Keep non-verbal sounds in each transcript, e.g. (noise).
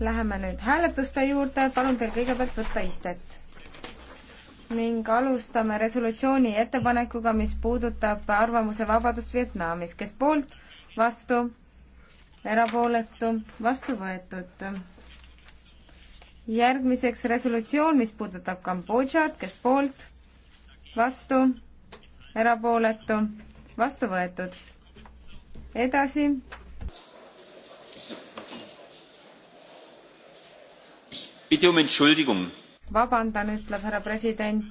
Läheme nüüd hääletuste juurde, palun teil kõigepealt võtta istet. ning alustame resolutsiooni ettepanekuga, mis puudutab arvamuse vabadust Vietnamis, kes poolt, vastu, erapooletu, vastu võetud. järgmiseks resolutsioon, mis puudutab Kambodžat, kes poolt, vastu, erapooletu, vastu võetud. edasi Um vabandan, ütleb härra president.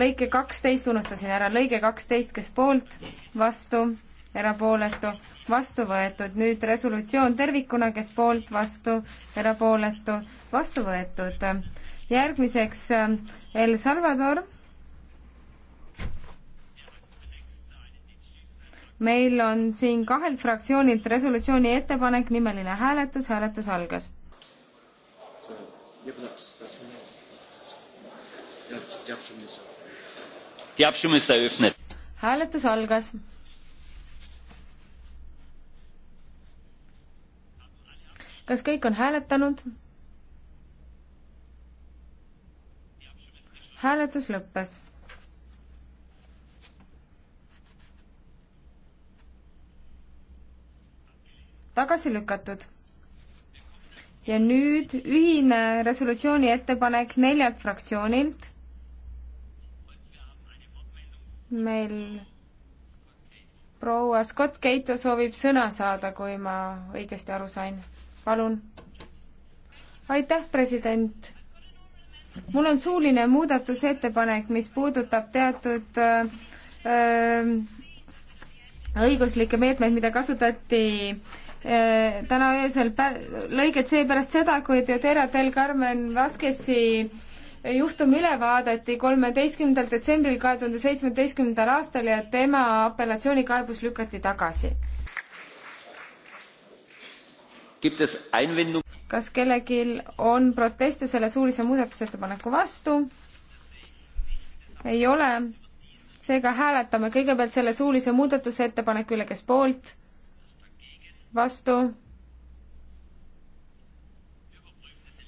lõike kaksteist unustasin ära, lõige kaksteist, kes poolt, vastu, erapooletu, vastu võetud. nüüd resolutsioon tervikuna, kes poolt, vastu, erapooletu, vastu võetud. järgmiseks El Salvador. meil on siin kahelt fraktsioonilt resolutsiooni ettepanek, nimeline hääletus, hääletus algas hääletus algas. kas kõik on hääletanud? hääletus lõppes. tagasi lükatud ja nüüd ühine resolutsiooni ettepanek neljalt fraktsioonilt. meil proua Scott Keito soovib sõna saada, kui ma õigesti aru sain. palun. aitäh, president. mul on suuline muudatusettepanek, mis puudutab teatud öö, äh, äh, õiguslikke meetmeid, mida kasutati öö, Eh, täna öösel lõiget seepärast seda, kui Teodera del Carmen Vaskesi juhtum üle vaadati kolmeteistkümnendal detsembril kahe tuhande seitsmeteistkümnendal aastal ja tema apellatsioonikaebus lükati tagasi. kas kellelgi on proteste selle suulise muudatusettepaneku vastu? ei ole. seega hääletame kõigepealt selle suulise muudatusettepaneku üle, kes poolt vastu.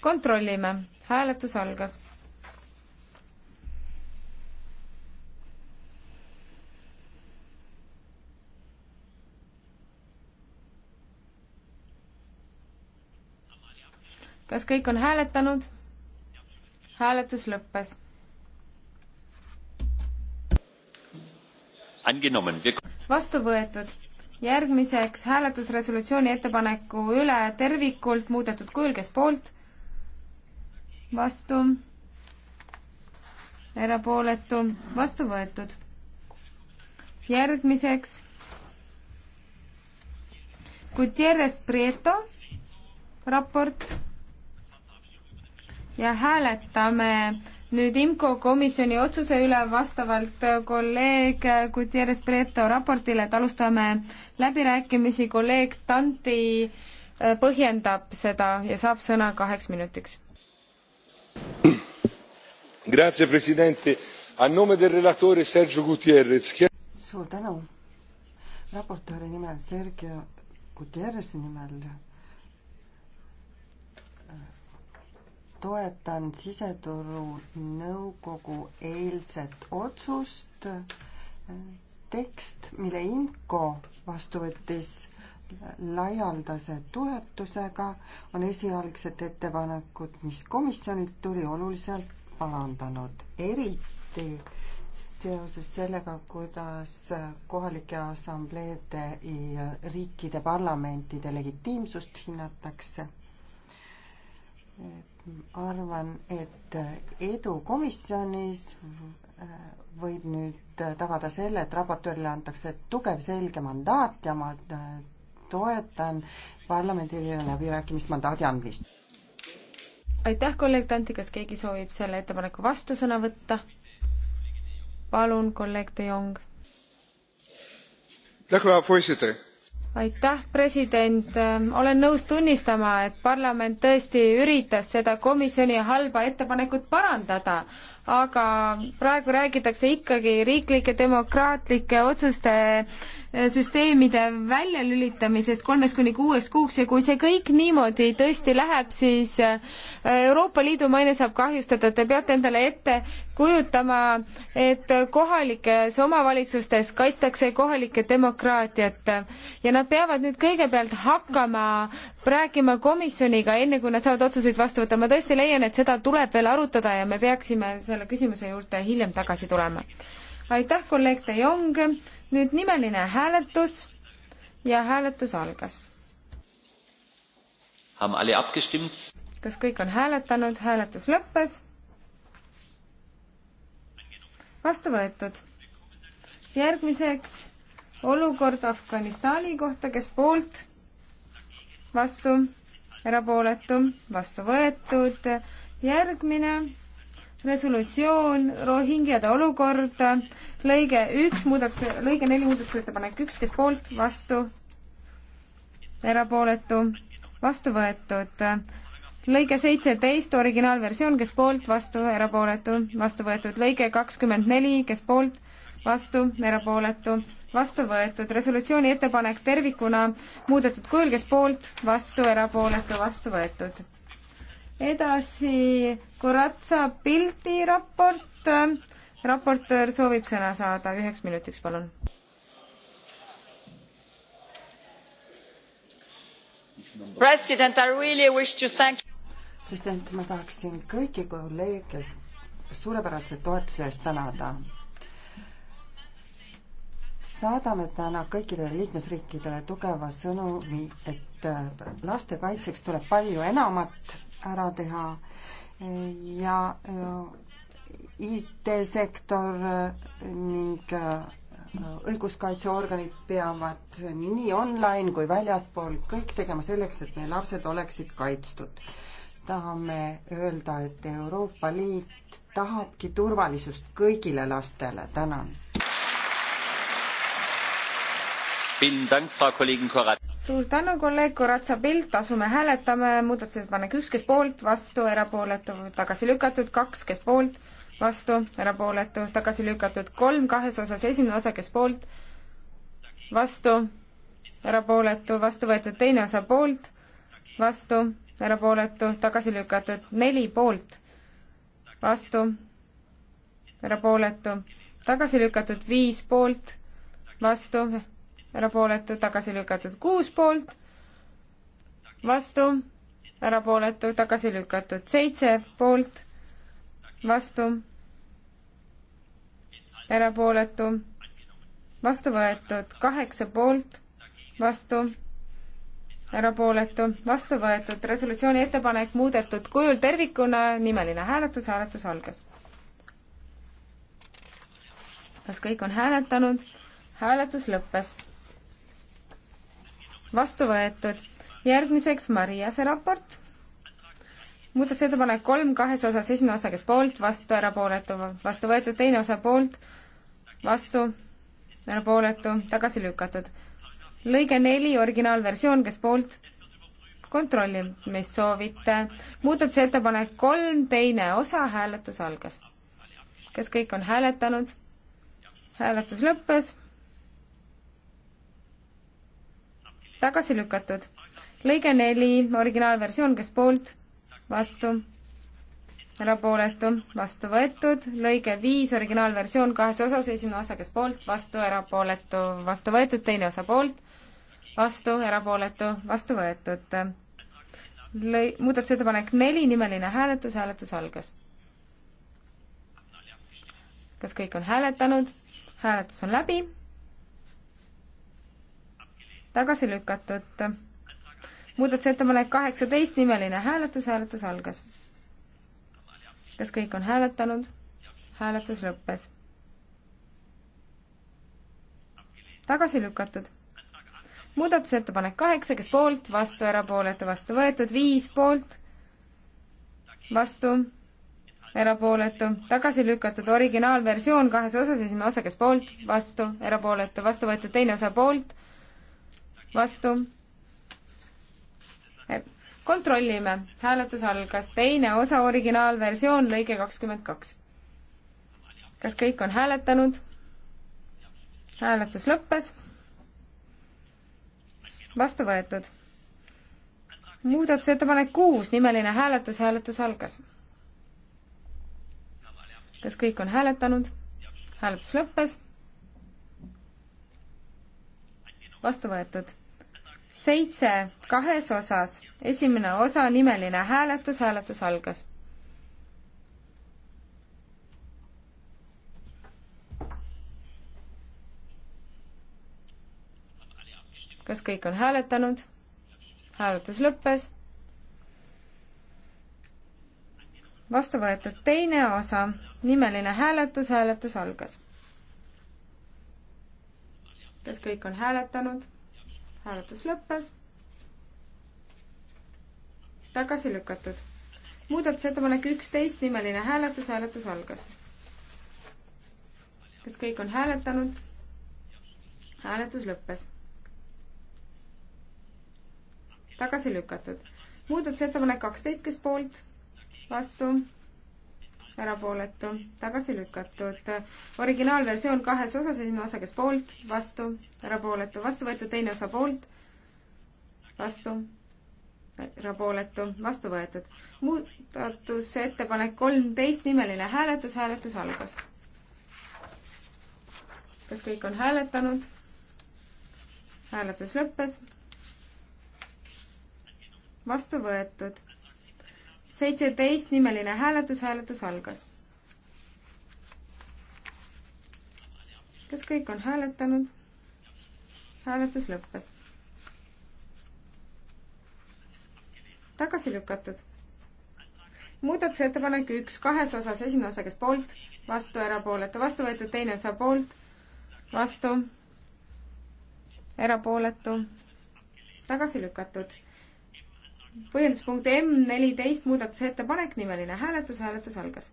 kontrollime, hääletus algas. kas kõik on hääletanud? hääletus lõppes. vastu võetud järgmiseks hääletusresolutsiooni ettepaneku üle tervikult muudetud kujul, kes poolt, vastu, erapooletu, vastu võetud. järgmiseks Gutierrez Prieto raport ja hääletame nüüd IMCO komisjoni otsuse üle vastavalt äh, kolleeg äh, Gutierrez Preto raportile, et alustame läbirääkimisi, kolleeg Tanti äh, põhjendab seda ja saab sõna kaheks minutiks. (clears throat) Grazie presidente, a nome del relatore Sergio Gutierrez. suur tänu, raportööri nimel Sergio Gutierrezi nimel toetan siseturu nõukogu eilset otsust. tekst, mille IMCO vastu võttis laialdase toetusega, on esialgset ettepanekut, mis komisjonilt tuli, oluliselt parandanud, eriti seoses sellega, kuidas kohalike assambleede ja riikide parlamentide legitiimsust hinnatakse arvan, et edu komisjonis äh, võib nüüd tagada selle, et raportöörile antakse tugev, selge mandaat ja ma äh, toetan parlamendile läbirääkimismandaadi andmist. aitäh, kolleeg Tanti, kas keegi soovib selle ettepaneku vastusõna võtta? palun, kolleeg De Jong. aitäh, voorzitter aitäh, president. olen nõus tunnistama, et parlament tõesti üritas seda komisjoni halba ettepanekut parandada, aga praegu räägitakse ikkagi riiklike demokraatlike otsuste eh, süsteemide väljalülitamisest kolmest kuni kuueks kuuks ja kui see kõik niimoodi tõesti läheb, siis eh, Euroopa Liidu maine saab kahjustada, te peate endale ette kujutama, et kohalikes omavalitsustes kaitstakse kohalike demokraatiat ja nad peavad nüüd kõigepealt hakkama rääkima komisjoniga, enne kui nad saavad otsuseid vastu võtta. ma tõesti leian, et seda tuleb veel arutada ja me peaksime selle selle küsimuse juurde hiljem tagasi tulema. aitäh, kolleeg De Jong. nüüd nimeline hääletus ja hääletus algas. kas kõik on hääletanud, hääletus lõppes? vastu võetud. järgmiseks olukord Afganistani kohta, kes poolt, vastu, erapooletu, vastu võetud. järgmine resolutsioon, rohingjade olukord, lõige üks muudatus, lõige neli muudatusettepanek üks, kes poolt, vastu, erapooletu, vastu võetud. lõige seitseteist, originaalversioon, kes poolt, vastu, erapooletu, vastu võetud. lõige kakskümmend neli, kes poolt, vastu, erapooletu, vastu võetud. resolutsiooni ettepanek tervikuna muudetud kujul, kes poolt, vastu, erapooletu, vastu võetud edasi Koratsa Pildi raport. raportöör soovib sõna saada üheks minutiks, palun. president, I really wish to thank president, ma tahaksin kõiki kolleege suurepärase toetuse eest tänada saadame täna kõikidele liikmesriikidele tugeva sõnumi, et äh, laste kaitseks tuleb palju enamat ära teha ja äh, IT-sektor äh, ning õiguskaitseorganid peavad nii online kui väljaspool kõik tegema selleks, et meie lapsed oleksid kaitstud. tahame öelda, et Euroopa Liit tahabki turvalisust kõigile lastele. tänan suur tänu, kolleeg Koratsa Pilt, asume hääletame muudatusettepanek üks, kes poolt, vastu, erapooletu, tagasi lükatud, kaks, kes poolt, vastu, erapooletu, tagasi lükatud, kolm kahes osas, esimene osa, kes poolt, vastu, erapooletu, vastu võetud, teine osa poolt, vastu, erapooletu, tagasi lükatud, neli poolt, vastu, erapooletu, tagasi lükatud, viis poolt, vastu, erapooletu, tagasi lükatud kuus poolt, vastu, erapooletu, tagasi lükatud seitse poolt, vastu, erapooletu, vastu võetud kaheksa poolt, vastu, erapooletu, vastu võetud resolutsiooni ettepanek muudetud kujul tervikuna, nimeline hääletus, hääletus algas. kas kõik on hääletanud? hääletus lõppes vastu võetud. järgmiseks Mariase raport. muudatusettepanek kolm kahes osas, esimene osa, kes poolt, vastu, erapooletu, vastu võetud, teine osa poolt, vastu, erapooletu, tagasi lükatud. lõige neli, originaalversioon, kes poolt, kontrollimist soovite. muudatusettepanek kolm, teine osa, hääletus algas. kas kõik on hääletanud? hääletus lõppes tagasi lükatud. lõige neli, originaalversioon, kes poolt, vastu, erapooletu, vastu võetud. lõige viis, originaalversioon kahes osas, esimene osa, kes poolt, vastu, erapooletu, vastu võetud, teine osa poolt, vastu, erapooletu, vastu võetud. lõi-, muudatusettepanek neli, nimeline hääletus, hääletus algas. kas kõik on hääletanud? hääletus on läbi tagasi lükatud. muudatusettepanek kaheksateist, nimeline hääletus, hääletus algas. kas kõik on hääletanud? hääletus lõppes. tagasi lükatud. muudatusettepanek kaheksa, kes poolt, vastu, erapooletu, vastu võetud, viis poolt, vastu, erapooletu, tagasi lükatud, originaalversioon kahes osas, esimene osa, kes poolt, vastu, erapooletu, vastu võetud, teine osa poolt vastu. kontrollime, hääletus algas, teine osa originaalversioon, lõige kakskümmend kaks. kas kõik on hääletanud? hääletus lõppes. vastu võetud. muudatusettepanek kuus, nimeline hääletus, hääletus algas. kas kõik on hääletanud? hääletus lõppes. vastu võetud seitse kahes osas. esimene osa, nimeline hääletus, hääletus algas. kas kõik on hääletanud? hääletus lõppes. vastu võetud teine osa, nimeline hääletus, hääletus algas. kas kõik on hääletanud? hääletus lõppes. tagasi lükatud. muudatusettepanek üksteist, nimeline hääletus, hääletus algas. kas kõik on hääletanud? hääletus lõppes. tagasi lükatud. muudatusettepanek kaksteist, kes poolt? vastu erapooletu, tagasi lükatud. originaalversioon kahes osas, esimene osa, kes poolt, vastu, erapooletu, vastu võetud, teine osa poolt, vastu, erapooletu, vastu võetud. muudatusettepanek kolmteist, nimeline hääletus, hääletus algas. kas kõik on hääletanud? hääletus lõppes. vastu võetud seitseteist nimeline hääletus, hääletus algas. kas kõik on hääletanud? hääletus lõppes. tagasi lükatud. muudatusettepanek üks kahes osas, esimene osa, kes poolt, vastu, erapooletu, vastu võetud, teine osa poolt, vastu, erapooletu, tagasi lükatud põhjenduspunkt M neliteist muudatusettepanek, nimeline hääletus, hääletus algas.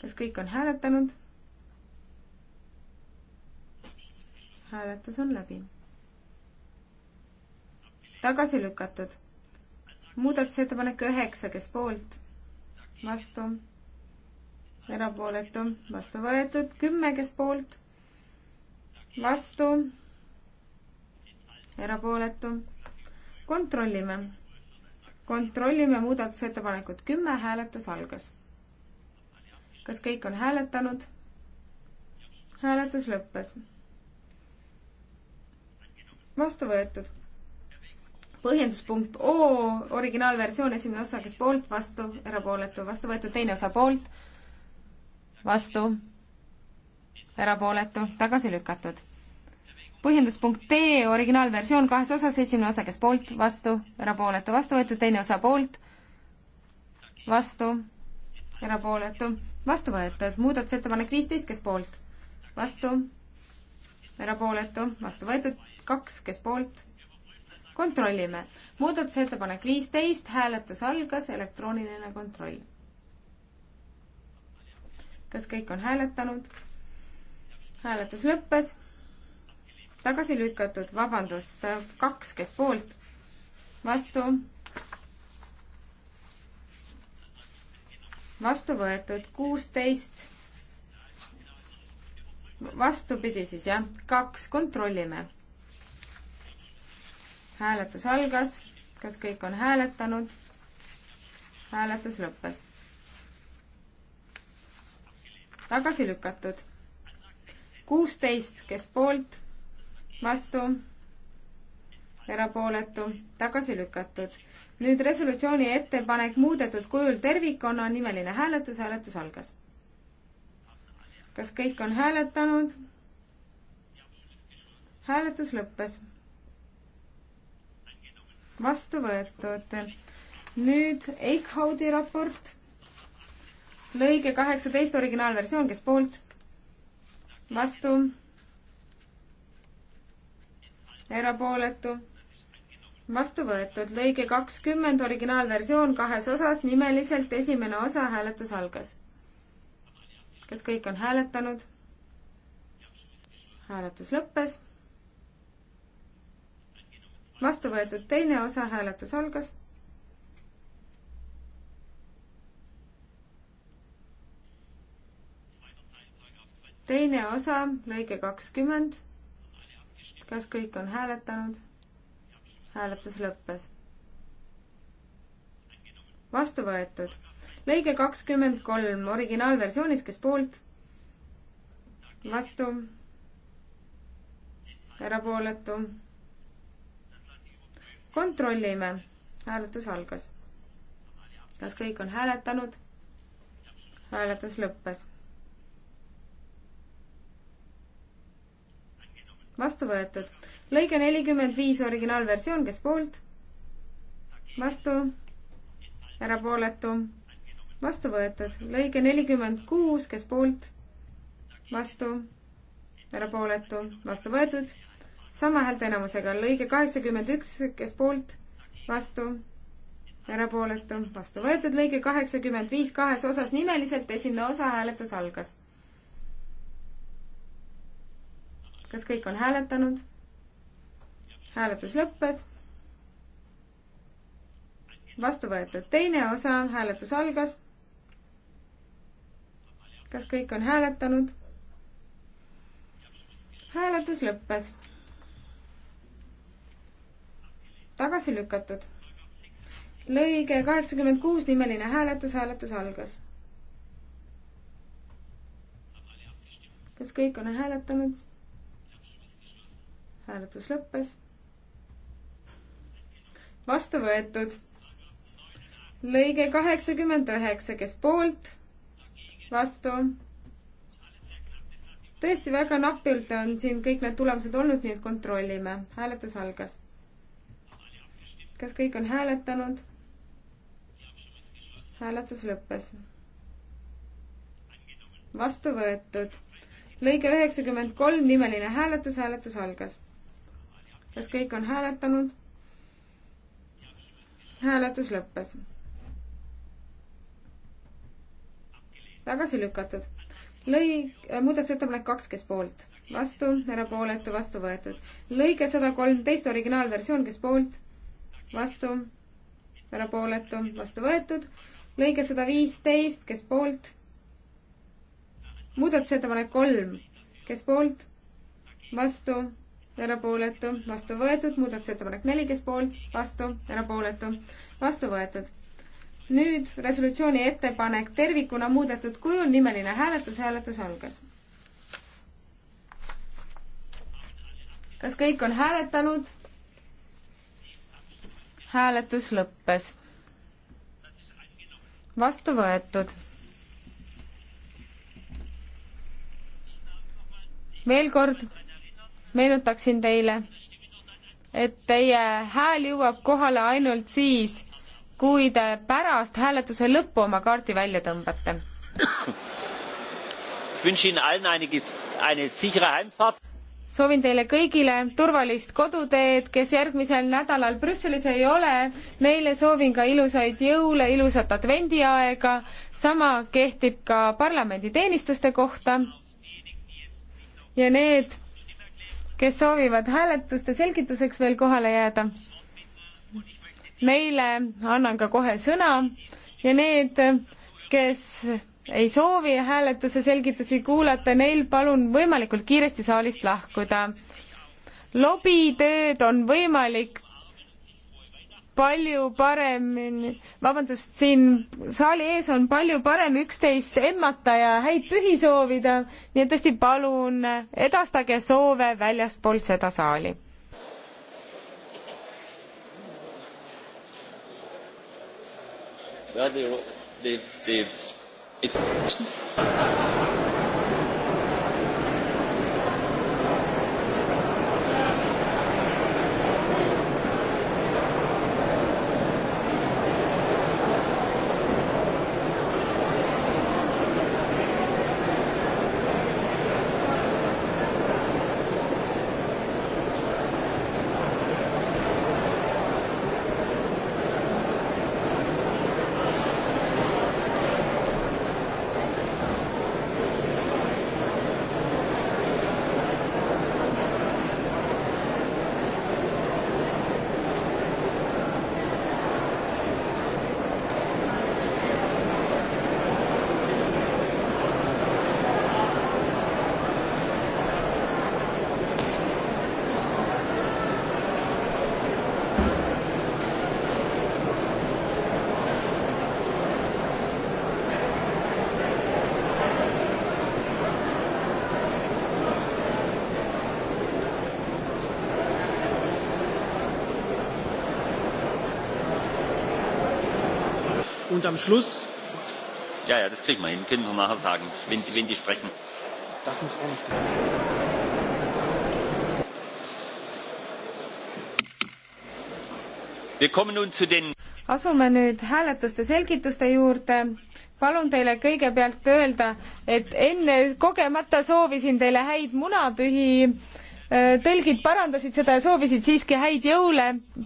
kas kõik on hääletanud? hääletus on läbi. tagasi lükatud. muudatusettepanek üheksa, kes poolt? vastu? erapooletu, vastu võetud, kümme, kes poolt? vastu? erapooletu. kontrollime kontrollime muudatusettepanekut kümme, hääletus algas. kas kõik on hääletanud? hääletus lõppes. vastu võetud. põhjenduspunkt O, originaalversioon, esimene osa, kes poolt, vastu, erapooletu, vastu võetud, teine osa poolt, vastu, erapooletu, tagasi lükatud põhjenduspunkt D, originaalversioon kahes osas, esimene osa, kes poolt, vastu, erapooletu, vastu võetud, teine osa poolt, vastu, erapooletu, vastu võetud, muudatusettepanek viisteist, kes poolt, vastu, erapooletu, vastu võetud, kaks, kes poolt, kontrollime. muudatusettepanek viisteist, hääletus algas, elektrooniline kontroll. kas kõik on hääletanud? hääletus lõppes tagasi lükatud, vabandust, kaks, kes poolt, vastu, vastu võetud, kuusteist, vastupidi siis jah, kaks, kontrollime. hääletus algas, kas kõik on hääletanud? hääletus lõppes. tagasi lükatud, kuusteist, kes poolt vastu, erapooletu, tagasi lükatud. nüüd resolutsiooni ettepanek muudetud kujul tervikuna, nimeline hääletus, hääletus algas. kas kõik on hääletanud? hääletus lõppes. vastu võetud. nüüd Eichhaudi raport, lõige kaheksateist originaalversioon, kes poolt? vastu erapooletu, vastu võetud. lõige kakskümmend, originaalversioon kahes osas, nimeliselt esimene osa, hääletus algas. kas kõik on hääletanud? hääletus lõppes. vastu võetud teine osa, hääletus algas. teine osa, lõige kakskümmend kas kõik on hääletanud? hääletus lõppes. vastu võetud. lõige kakskümmend kolm originaalversioonis, kes poolt? vastu? erapooletu? kontrollime. hääletus algas. kas kõik on hääletanud? hääletus lõppes vastu võetud. lõige nelikümmend viis, originaalversioon, kes poolt? vastu, erapooletu, vastu võetud. lõige nelikümmend kuus, kes poolt? vastu, erapooletu, vastu võetud. sama häälte enamusega. lõige kaheksakümmend üks, kes poolt? vastu, erapooletu, vastu võetud. lõige kaheksakümmend viis kahes osas nimeliselt, esimene osa hääletus algas kas kõik on hääletanud? hääletus lõppes. vastu võetud teine osa, hääletus algas. kas kõik on hääletanud? hääletus lõppes. tagasi lükatud. lõige kaheksakümmend kuus nimeline hääletus, hääletus algas. kas kõik on hääletanud? hääletus lõppes. vastu võetud. lõige kaheksakümmend üheksa, kes poolt, vastu. tõesti väga napilt on siin kõik need tulemused olnud, nii et kontrollime. hääletus algas. kas kõik on hääletanud? hääletus lõppes. vastu võetud. lõige üheksakümmend kolm, nimeline hääletus, hääletus algas kas kõik on hääletanud? hääletus lõppes. tagasi lükatud. lõi äh,, muudatusettepanek kaks, kes poolt, vastu, erapooletu, vastu võetud. lõige sada kolmteist, originaalversioon, kes poolt, vastu, erapooletu, vastu võetud. lõige sada viisteist, kes poolt, muudatusettepanek kolm, kes poolt, vastu erapooletu, vastu võetud, muudatusettepanek neli, kes poolt, vastu, erapooletu, vastu võetud. nüüd resolutsiooni ettepanek tervikuna muudetud kujul, nimeline hääletus, hääletus algas. kas kõik on hääletanud? hääletus lõppes. vastu võetud veel kord meenutaksin teile, et teie hääl jõuab kohale ainult siis, kui te pärast hääletuse lõppu oma kaardi välja tõmbate. soovin teile kõigile turvalist koduteed, kes järgmisel nädalal Brüsselis ei ole. Neile soovin ka ilusaid jõule, ilusat advendiaega. sama kehtib ka parlamendi teenistuste kohta. ja need kes soovivad hääletuste selgituseks veel kohale jääda. Neile annan ka kohe sõna ja need, kes ei soovi hääletuse selgitusi kuulata, neil palun võimalikult kiiresti saalist lahkuda. lobitööd on võimalik palju parem, vabandust, siin saali ees on palju parem üksteist emmata ja häid pühi soovida, nii et tõesti palun edastage soove väljaspool seda saali. Well, they've, they've, it's Und am Schluss. Ja, ja, das kriegen wir hin. Können wir nachher sagen, wenn, wenn die sprechen. Das muss auch nicht bleiben. asume nüüd hääletuste selgituste juurde. palun teile kõigepealt öelda, et enne kogemata soovisin teile häid munapühi. tõlgid parandasid seda ja soovisid siiski häid jõule.